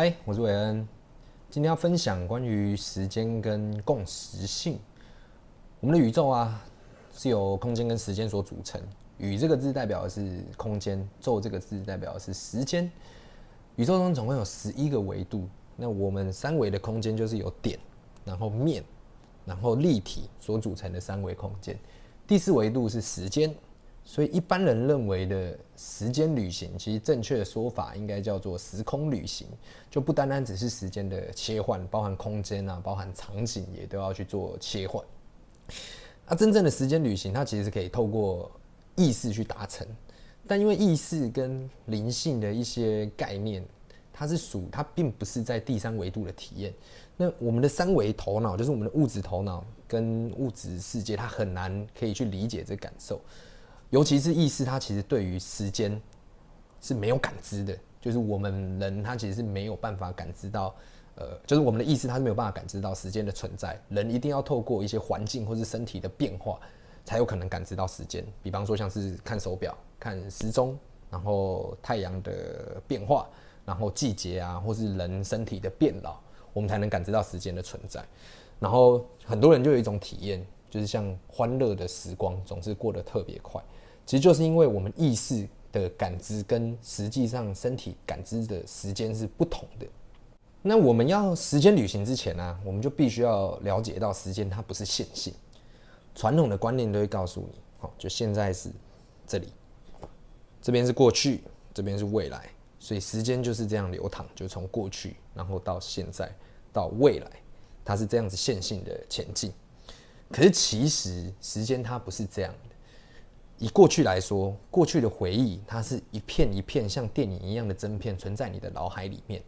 嗨，Hi, 我是韋恩，今天要分享關於時間跟共時性。我們的宇宙啊，是由空間跟時間所組成。宇這個字代表的是空間，宙這個字代表的是時間。宇宙中總共有十一個維度。那我們三維的空間就是由點，然後面，然後立體所組成的三維空間。第四維度是時間。所以一般人認為的時間旅行，其實正確的說法應該叫做時空旅行，就不單單只是時間的切換，包含空間啊，包含場景也都要去做切換。那真正的時間旅行，它其實是可以透過意識去達成，但因為意識跟靈性的一些概念，它是屬它並不是在第三維度的體驗。那我們的三維頭腦，就是我們的物質頭腦跟物質世界，它很難可以去理解這感受。尤其是意識，它其實對於時間是沒有感知的。就是我們人，他其實是沒有辦法感知到，呃，就是我們的意識，它是沒有辦法感知到時間的存在。人一定要透過一些環境或是身體的變化，才有可能感知到時間。比方說，像是看手錶、看時鐘，然後太陽的變化，然後季節啊，或是人身體的變老，我們才能感知到時間的存在。然後很多人就有一種體驗，就是像歡樂的時光總是過得特別快。其實就是因為我們意識的感知跟實際上身體感知的時間是不同的。那我們要時間旅行之前呢、啊，我們就必須要了解到時間它不是線性。傳統的觀念都會告訴你，哦，就現在是這裡，這邊是過去，這邊是未來，所以時間就是這樣流淌，就從過去，然後到現在到未來，它是這樣子線性的前進。可是其實時間它不是這樣。以過去來說，過去的回憶，它是一片一片像電影一樣的針片存在你的腦海裡面，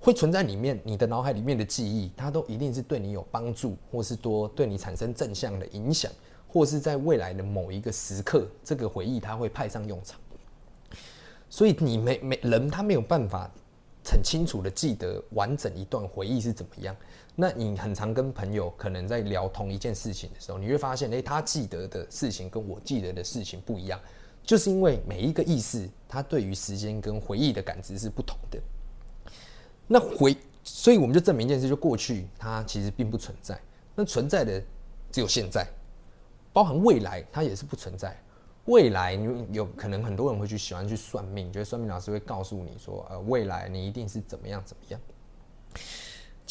會存在裡面，你的腦海裡面的記憶，它都一定是對你有幫助，或是多對你產生正向的影響，或是在未來的某一個時刻，這個回憶它會派上用場。所以你沒沒人，他沒有辦法很清楚的記得完整一段回憶是怎麼樣。那你很常跟朋友可能在聊同一件事情的時候，你會發現，哎，他記得的事情跟我記得的事情不一樣，就是因為每一個意識，他對於時間跟回憶的感知是不同的。那回，所以我們就證明一件事，就過去它其實並不存在，那存在的只有現在，包含未來，它也是不存在。未來，你有可能很多人會去喜歡去算命，覺得算命老師會告訴你說，呃，未來你一定是怎麼樣怎麼樣。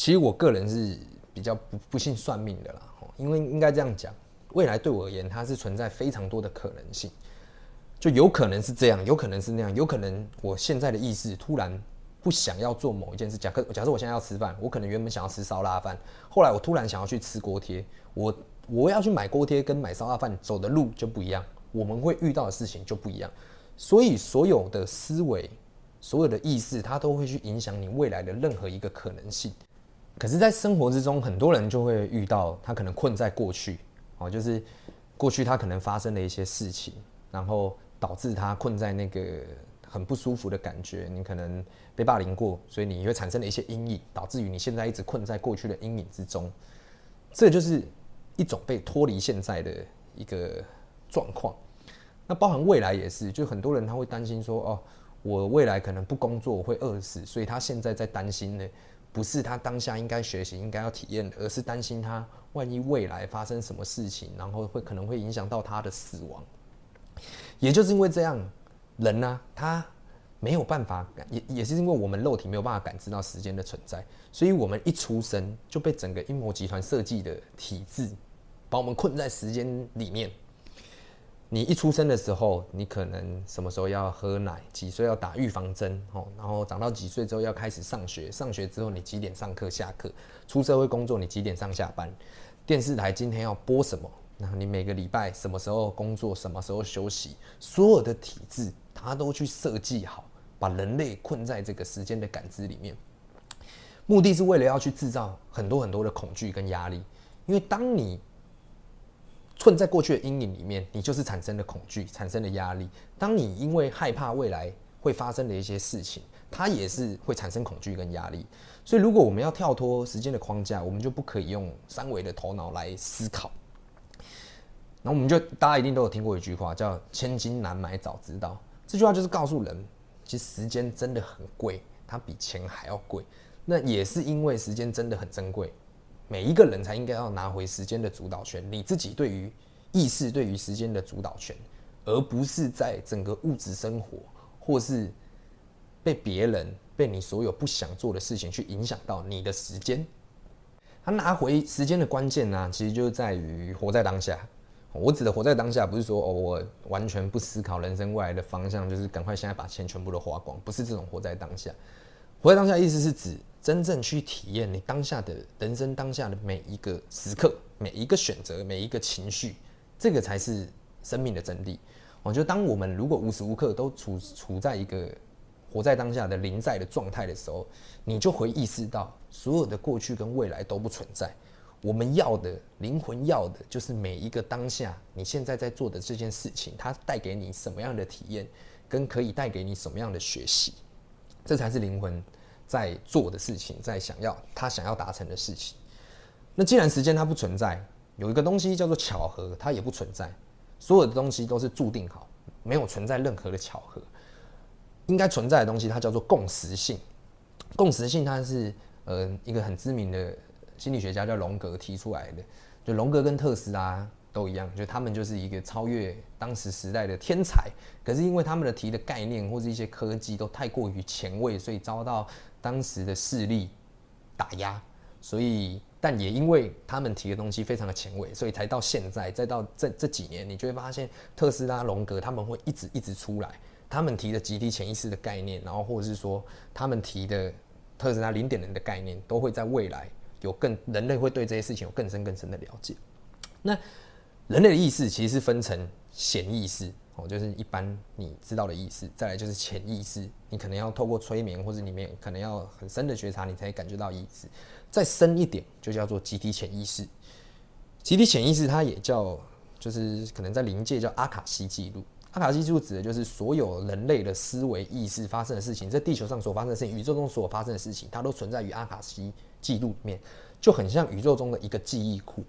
其實我個人是比較不不信算命的啦，吼，因為應該這樣講，未來對我而言，它是存在非常多的可能性，就有可能是這樣，有可能是那樣，有可能我現在的意識突然不想要做某一件事，假設假設我現在要吃飯，我可能原本想要吃燒臘飯，後來我突然想要去吃鍋貼，我我要去買鍋貼跟買燒臘飯走的路就不一樣，我們會遇到的事情就不一樣，所以所有的思維，所有的意識，它都會去影響你未來的任何一個可能性。可是，在生活之中，很多人就會遇到他可能困在過去，哦，就是過去他可能發生的一些事情，然後導致他困在那個很不舒服的感覺。你可能被霸凌過，所以你會產生了一些陰影，導致於你現在一直困在過去的陰影之中。這就是一種被脫離現在的一個狀況。那包含未來也是，就很多人他會擔心說：“哦，我未來可能不工作，我會餓死。”所以他現在在擔心呢。不是他當下應該學習、應該要體驗，而是擔心他萬一未來發生什麼事情，然後會可能會影響到他的死亡。也就是因為這樣，人呢，啊，他沒有辦法，也也是因為我們肉體沒有辦法感知到時間的存在，所以我們一出生就被整個陰謀集團設計的體制，把我們困在時間裡面。你一出生的時候，你可能什麼時候要喝奶，幾歲要打預防針，齁，然後長到幾歲之後要開始上學，上學之後你幾點上課、下課，出社會工作你幾點上下班，電視台今天要播什麼？那你每個禮拜什麼時候工作、什麼時候休息，所有的體制它都去設計好，把人類困在這個時間的感知裡面，目的是為了要去制造很多很多的恐懼跟壓力，因為當你。困在過去的陰影裡面，你就是產生了恐懼，產生了壓力。當你因為害怕未來會發生的一些事情，它也是會產生恐懼跟壓力。所以，如果我們要跳脫時間的框架，我們就不可以用三維的頭腦來思考。那我們就大家一定都有聽過一句話，叫“千金難買早知道”。這句話就是告訴人，其實時間真的很貴，它比錢還要貴。那也是因為時間真的很珍貴。每一個人才應該要拿回時間的主導權，你自己對於意識、對於時間的主導權，而不是在整個物質生活，或是被別人、被你所有不想做的事情去影響到你的時間。他拿回時間的關鍵呢，其實就在於活在當下。我指的活在當下，不是說哦，我完全不思考人生未來的方向，就是趕快現在把錢全部都花光，不是這種活在當下。活在當下意思是指。真正去體驗你當下的人生，當下的每一個時刻，每一個選擇，每一個情緒，這個才是生命的真諦。我覺得當我們如果無時無刻都處處在一個活在當下的臨在的狀態的時候，你就會意識到所有的過去跟未來都不存在。我們要的靈魂要的就是每一個當下，你現在在做的這件事情，它帶給你什麼樣的體驗，跟可以帶給你什麼樣的學習，這才是靈魂在做的事情，在想要他想要達成的事情。那既然時間它不存在，有一個東西叫做巧合，它也不存在。所有的東西都是注定好，沒有存在任何的巧合。應該存在的東西，它叫做共時性。共時性，它是呃一個很知名的心理學家，叫榮格提出來的。就榮格跟特斯拉。都一樣，就他們就是一個超越當時時代的天才。可是因為他們的提的概念或是一些科技都太過於前衛，所以遭到當時的勢力打壓。所以，但也因為他們提的東西非常的前衛，所以才到現在再到這這幾年，你就會發現特斯拉、榮格他們會一直一直出來。他們提的集體潛意識的概念，然後或者是說他們提的特斯拉零點零的概念，都會在未來有更人類會對這些事情有更深更深的了解。那。人類的意識其實是分成顯意識，哦，就是一般你知道的意識；再來就是潛意識，你可能要透過催眠或者裡面可能要很深的覺察，你才會感覺到意識。再深一點就叫做集體潛意識。集體潛意識它也叫，就是可能在臨界叫阿卡西記錄。阿卡西記錄指的就是所有人類的思維意識發生的事情，在地球上所發生的事情、宇宙中所發生的事情，它都存在於阿卡西記錄裡面，就很像宇宙中的一個記憶庫。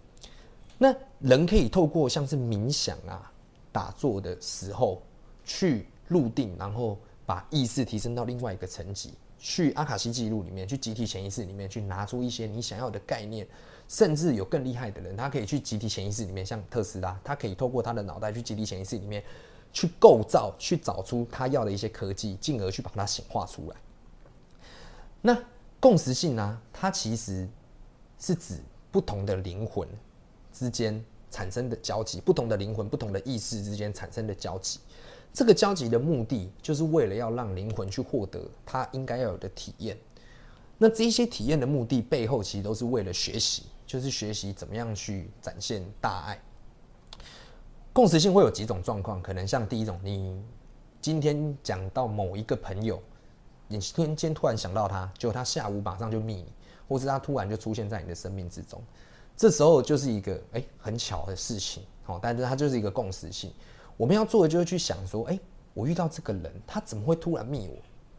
那人可以透過像是冥想啊、打坐的時候去入定，然後把意識提升到另外一個層級，去阿卡西記錄裡面，去集體潛意識裡面去拿出一些你想要的概念，甚至有更厲害的人，他可以去集體潛意識裡面，像特斯拉，他可以透過他的腦袋去集體潛意識裡面去構造，去找出他要的一些科技，進而去把它顯化出來。那共時性呢？它其實是指不同的靈魂之間產生的交集，不同的靈魂、不同的意識之間產生的交集，這個交集的目的就是為了要讓靈魂去獲得他應該要有的體驗。那這些體驗的目的背後，其實都是為了學習，就是學習怎麼樣去展現大愛。共時性會有幾種狀況，可能像第一種，你今天講到某一個朋友，你今天突然想到他，結果他下午馬上就密你，或是他突然就出現在你的生命之中。這時候就是一個哎，很巧的事情，好，但是它就是一個共時性。我們要做的就是去想說，哎，我遇到這個人，他怎麼會突然密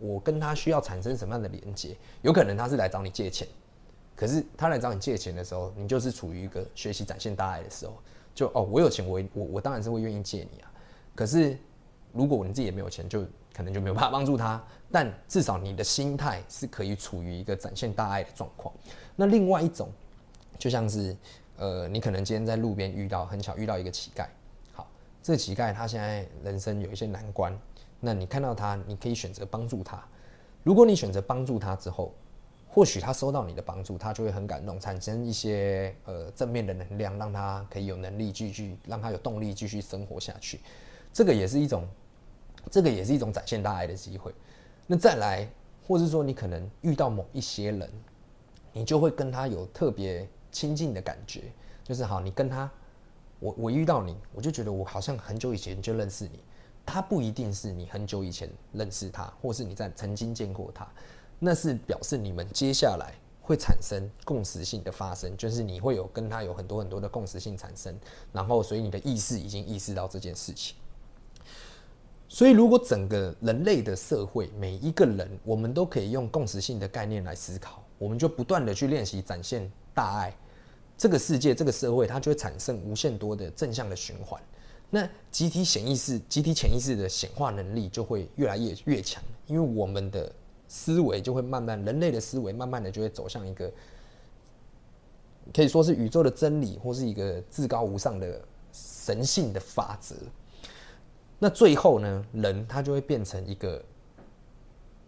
我？我跟他需要產生什麼樣的連接？有可能他是來找你借錢，可是他來找你借錢的時候，你就是處於一個學習展現大愛的時候。就哦，我有錢，我我我當然是會願意借你啊。可是如果你自己也沒有錢，就可能就沒有辦法幫助他。但至少你的心態是可以處於一個展現大愛的狀況。那另外一種。就像是，呃，你可能今天在路邊遇到，很巧遇到一個乞丐。好，這個乞丐他現在人生有一些難關，那你看到他，你可以選擇幫助他。如果你選擇幫助他之後，或許他收到你的幫助，他就會很感動，產生一些呃正面的能量，讓他可以有能力繼續，讓他有動力繼續生活下去。這個也是一種，這個也是一種展現大愛的機會。那再來，或是說你可能遇到某一些人，你就會跟他有特別。親近的感覺就是好，你跟他，我我遇到你，我就覺得我好像很久以前就認識你。他不一定是你很久以前認識他，或是你在曾經見過他，那是表示你們接下來會產生共時性的發生，就是你會有跟他有很多很多的共時性產生，然後所以你的意識已經意識到這件事情。所以如果整個人類的社會每一個人，我們都可以用共時性的概念來思考，我們就不斷的去練習展現大愛，這個世界、這個社會，它就會產生無限多的正向的循環。那集體潛意識、集體潛意識的顯化能力就會越來越越強，因為我們的思維就會慢慢，人類的思維慢慢的就會走向一個可以說是宇宙的真理，或是一個至高無上的神性的法則。那最後呢，人他就會變成一個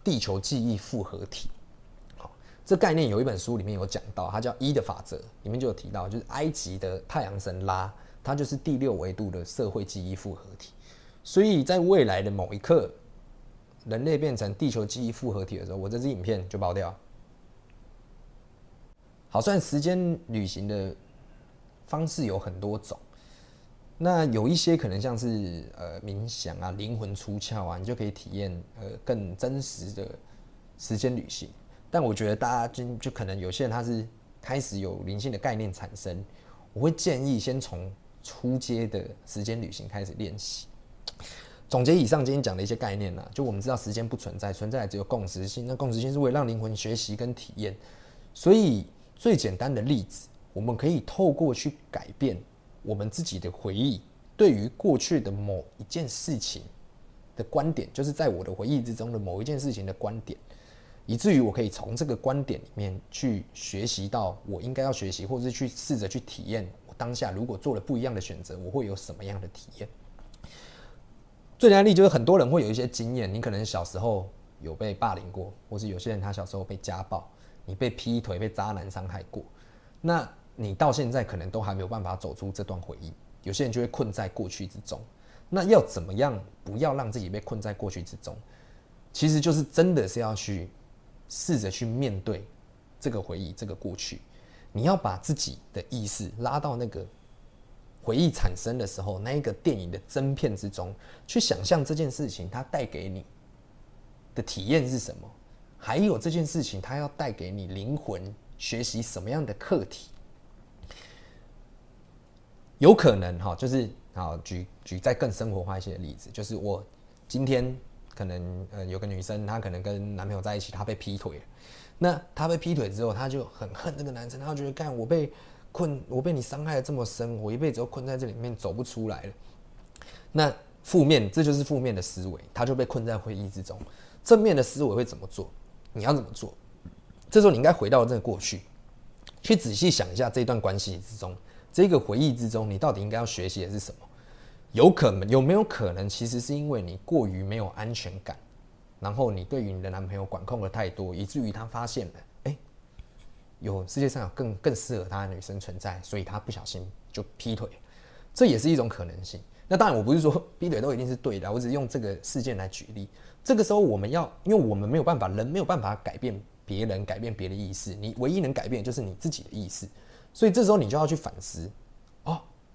地球記憶複合體。這概念有一本書裡面有講到，它叫“一的法則”，裡面就有提到，就是埃及的太陽神拉，它就是第六維度的社會記憶複合體。所以在未來的某一刻，人類變成地球記憶複合體的時候，我這支影片就爆掉。好，雖然時間旅行的方式有很多種，那有一些可能像是呃冥想啊、靈魂出竅啊，你就可以體驗呃更真實的時間旅行。但我覺得大家就就可能有些人他是開始有靈性的概念產生，我會建議先從初階的時間旅行開始練習。總結以上今天講的一些概念呢，就我們知道時間不存在，存在只有共時性。那共時性是為了讓靈魂學習跟體驗。所以最簡單的例子，我們可以透過去改變我們自己的回憶，對於過去的某一件事情的觀點，就是在我的回憶之中的某一件事情的觀點。以至於我可以從這個觀點裡面去學習到我應該要學習，或者去試着去體驗我當下如果做了不一樣的選擇，我會有什麼樣的體驗。最難的例子就是很多人會有一些經驗，你可能小時候有被霸凌過，或是有些人他小時候被家暴，你被劈腿、被渣男傷害過，那你到現在可能都還沒有辦法走出這段回憶。有些人就會困在過去之中，那要怎麼樣不要讓自己被困在過去之中？其實就是真的是要去。試着去面對這個回憶，這個過去，你要把自己的意識拉到那個回憶產生的時候，那一個電影的真片之中，去想象這件事情它帶給你的體驗是什麼，還有這件事情它要帶給你靈魂學習什麼樣的課題？有可能哈，就是啊舉舉再更生活化一些的例子，就是我今天，可能呃有個女生，她可能跟男朋友在一起，她被劈腿了。那她被劈腿之後，她就很恨那個男生，她就覺得幹我被困，我被你傷害的這麼深，我一輩子都困在這裡面走不出來了。那負面，這就是負面的思維，她就被困在回憶之中。正面的思維會怎麼做？你要怎麼做？這時候你應該回到這個過去，去仔細想一下這一段關係之中，這個回憶之中，你到底應該要學習的是什麼？有可能，有沒有可能，其實是因為你過於沒有安全感，然後你對於你的男朋友管控得太多，以至於他發現了，哎、欸，有世界上有更更適合他的女生存在，所以他不小心就劈腿，這也是一種可能性。那當然，我不是說劈腿都一定是對的，我只是用這個事件來舉例。這個時候我們要，因為我們沒有辦法，人沒有辦法改變別人，改變別的意思。你唯一能改變就是你自己的意思。所以這時候你就要去反思。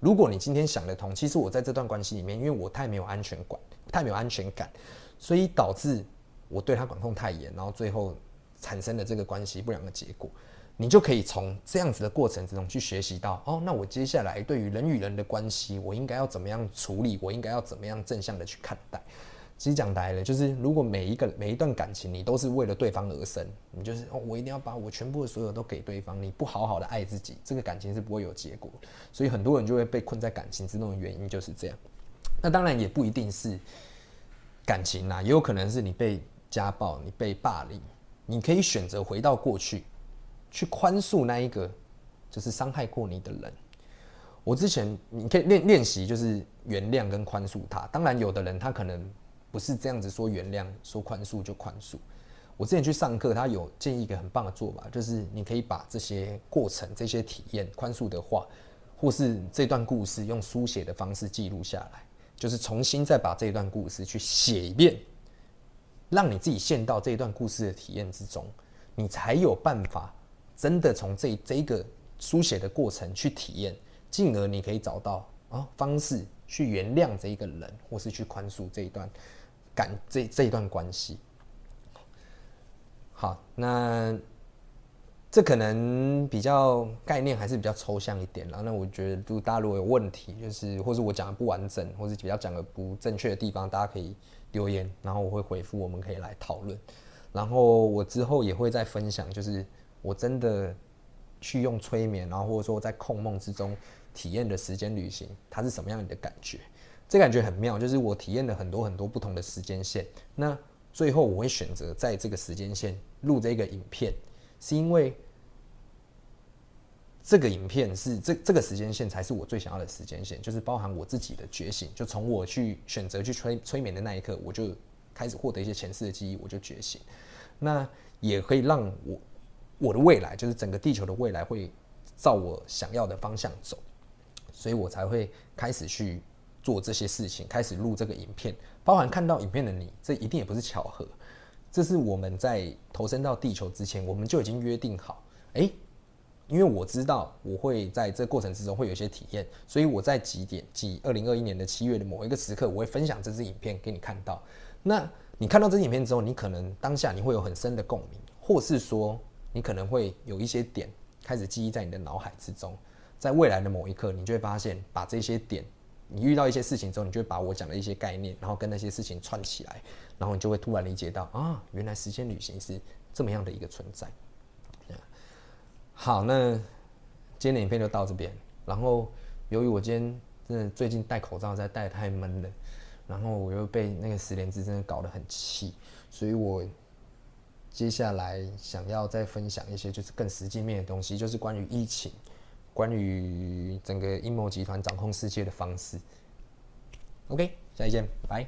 如果你今天想得通，其實我在這段關係裡面，因為我太沒有安全感，太沒有安全感，所以導致我對他管控太嚴，然後最後產生了這個關係不良的結果。你就可以從這樣子的過程之中去學習到，哦，那我接下來對於人與人的關係，我應該要怎麼樣處理？我應該要怎麼樣正向的去看待？其實講白了，就是如果每一個每一段感情，你都是為了對方而生，你就是、哦、我一定要把我全部的所有都給對方，你不好好的愛自己，這個感情是不會有結果。所以很多人就會被困在感情之中的原因就是這樣。那當然也不一定是感情啦，也有可能是你被家暴，你被霸凌，你可以選擇回到過去，去寬恕那一個就是傷害過你的人。我之前你可以練練習，就是原諒跟寬恕他。當然，有的人他可能。不是這樣子說原諒、說寬恕就寬恕。我之前去上課，他有建議一個很棒的做法，就是你可以把這些過程、這些體驗、寬恕的話，或是這段故事，用書寫的方式記錄下來，就是重新再把這段故事去寫一遍，讓你自己陷到這段故事的體驗之中，你才有辦法真的從這這個書寫的過程去體驗，進而你可以找到啊方式。去原諒這一個人，或是去寬恕這一段感，這一這一段關係。好，那這可能比較概念還是比較抽象一點了。那我覺得，就大家如果有問題，就是或者我講的不完整，或是比較講的不正確的地方，大家可以留言，然後我會回復，我們可以來討論。然後我之後也會再分享，就是我真的去用催眠，然後或者說在控夢之中。體驗的時間旅行，它是什麼樣的感覺？這感覺很妙，就是我體驗了很多很多不同的時間線。那最後我會選擇在這個時間線錄這個影片，是因為這個影片是這這個時間線才是我最想要的時間線，就是包含我自己的覺醒。就從我去選擇去催催眠的那一刻，我就開始獲得一些前世的記憶，我就覺醒。那也可以讓我我的未來，就是整個地球的未來會照我想要的方向走。所以我才會開始去做這些事情，開始錄這個影片，包含看到影片的你，這一定也不是巧合，這是我們在投身到地球之前，我們就已經約定好。誒、欸。因為我知道我會在這過程之中會有一些體驗，所以我在幾點幾二零二一年的七月的某一個時刻，我會分享這支影片給你看到。那你看到這支影片之後，你可能當下你會有很深的共鳴，或是說你可能會有一些點開始記憶在你的腦海之中。在未來的某一刻，你就會發現，把這些點，你遇到一些事情之後，你就會把我講的一些概念，然後跟那些事情串起來，然後你就會突然理解到，啊，原來時間旅行是這麼樣的一個存在。好，那今天的影片就到這邊。然後，由於我今天真的最近戴口罩在戴太悶了，然後我又被那個實聯制真的搞得很氣，所以我接下來想要再分享一些就是更實際面的東西，就是關於疫情。關於整個陰謀集團掌控世界的方式。OK，下期見，拜。